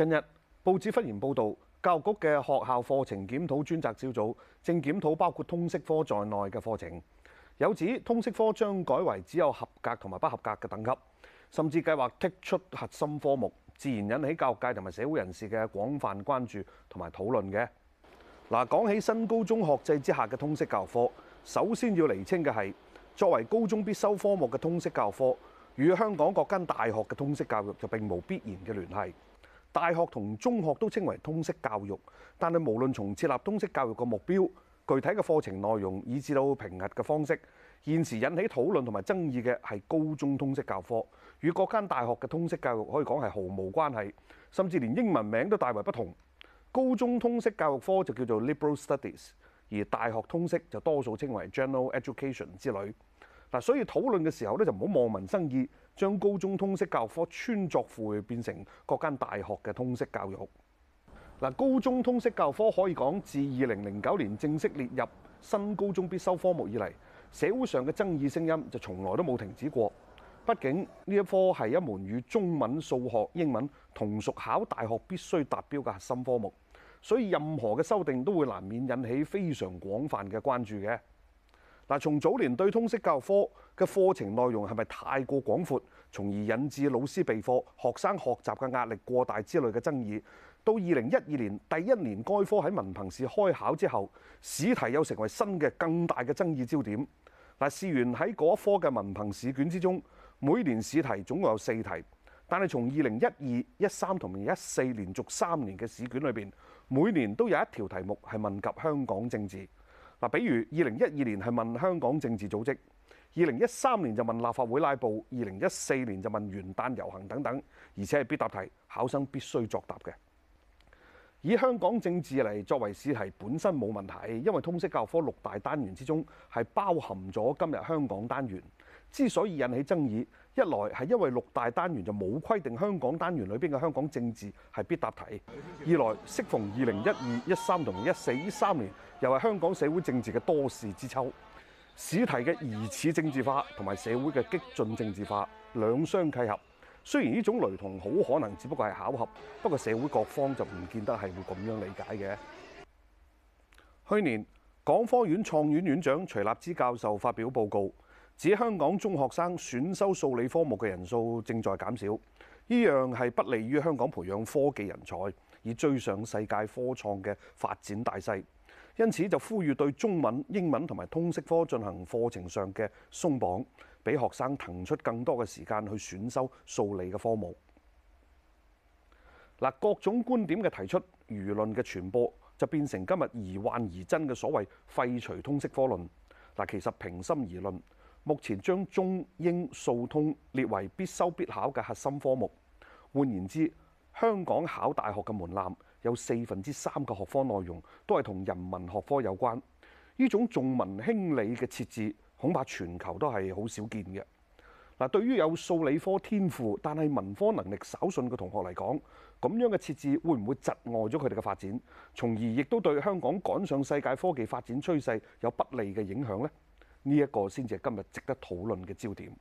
近日報紙忽然報導，教育局嘅學校課程檢討專責小組正檢討包括通識科在內嘅課程，有指通識科將改為只有合格同埋不合格嘅等級，甚至計劃剔出核心科目，自然引起教育界同埋社會人士嘅廣泛關注同埋討論嘅。嗱，講起新高中學制之下嘅通識教育科，首先要釐清嘅係作為高中必修科目嘅通識教育科，與香港各間大學嘅通識教育就並無必然嘅聯繫。大學同中學都稱為通識教育，但係無論從設立通識教育個目標、具體嘅課程內容，以至到評核嘅方式，現時引起討論同埋爭議嘅係高中通識教科，與各間大學嘅通識教育可以講係毫無關係，甚至連英文名都大為不同。高中通識教育科就叫做 Liberal Studies，而大學通識就多數稱為 General Education 之類。嗱，所以討論嘅時候咧，就唔好望文生義。將高中通識教育科穿鑿附會，變成各間大學嘅通識教育。嗱，高中通識教育科可以講，自二零零九年正式列入新高中必修科目以嚟，社會上嘅爭議聲音就從來都冇停止過。畢竟呢一科係一門與中文、數學、英文同屬考大學必須達標嘅核心科目，所以任何嘅修訂都會難免引起非常廣泛嘅關注嘅。嗱，從早年對通識教育科嘅課程內容係咪太過廣闊，從而引致老師備課、學生學習嘅壓力過大之類嘅爭議？到二零一二年第一年該科喺文憑試開考之後，試題又成為新嘅更大嘅爭議焦點。嗱，試完喺嗰科嘅文憑試卷之中，每年試題總共有四題，但是，但係從二零一二、一三同埋一四連續三年嘅試卷裏邊，每年都有一條題目係問及香港政治，嗱，比如二零一二年係問香港政治組織。二零一三年就問立法會拉布，二零一四年就問元旦遊行等等，而且係必答題，考生必須作答嘅。以香港政治嚟作為試題本身冇問題，因為通識教育科六大單元之中係包含咗今日香港單元。之所以引起爭議，一來係因為六大單元就冇規定香港單元裏邊嘅香港政治係必答題；二來適逢二零一二、一三同一四呢三年又係香港社會政治嘅多事之秋。試題嘅疑似政治化同埋社會嘅激進政治化兩相契合，雖然呢種雷同好可能只不過係巧合，不過社會各方就唔見得係會咁樣理解嘅。去年港科院創院院長徐立之教授發表報告，指香港中學生選修數理科目嘅人數正在減少，呢樣係不利於香港培養科技人才，以追上世界科創嘅發展大勢。因此就呼籲對中文、英文同埋通識科進行課程上嘅鬆綁，俾學生騰出更多嘅時間去選修數理嘅科目。各種觀點嘅提出、輿論嘅傳播，就變成今日疑幻疑真嘅所謂廢除通識科論。嗱，其實平心而論，目前將中英數通列為必修必考嘅核心科目。換言之，香港考大學嘅門檻。有四分之三嘅學科內容都係同人文學科有關，呢種重文輕理嘅設置恐怕全球都係好少見嘅。嗱，對於有數理科天賦但係文科能力稍遜嘅同學嚟講，咁樣嘅設置會唔會窒礙咗佢哋嘅發展，從而亦都對香港趕上世界科技發展趨勢有不利嘅影響呢？呢一個先至係今日值得討論嘅焦點。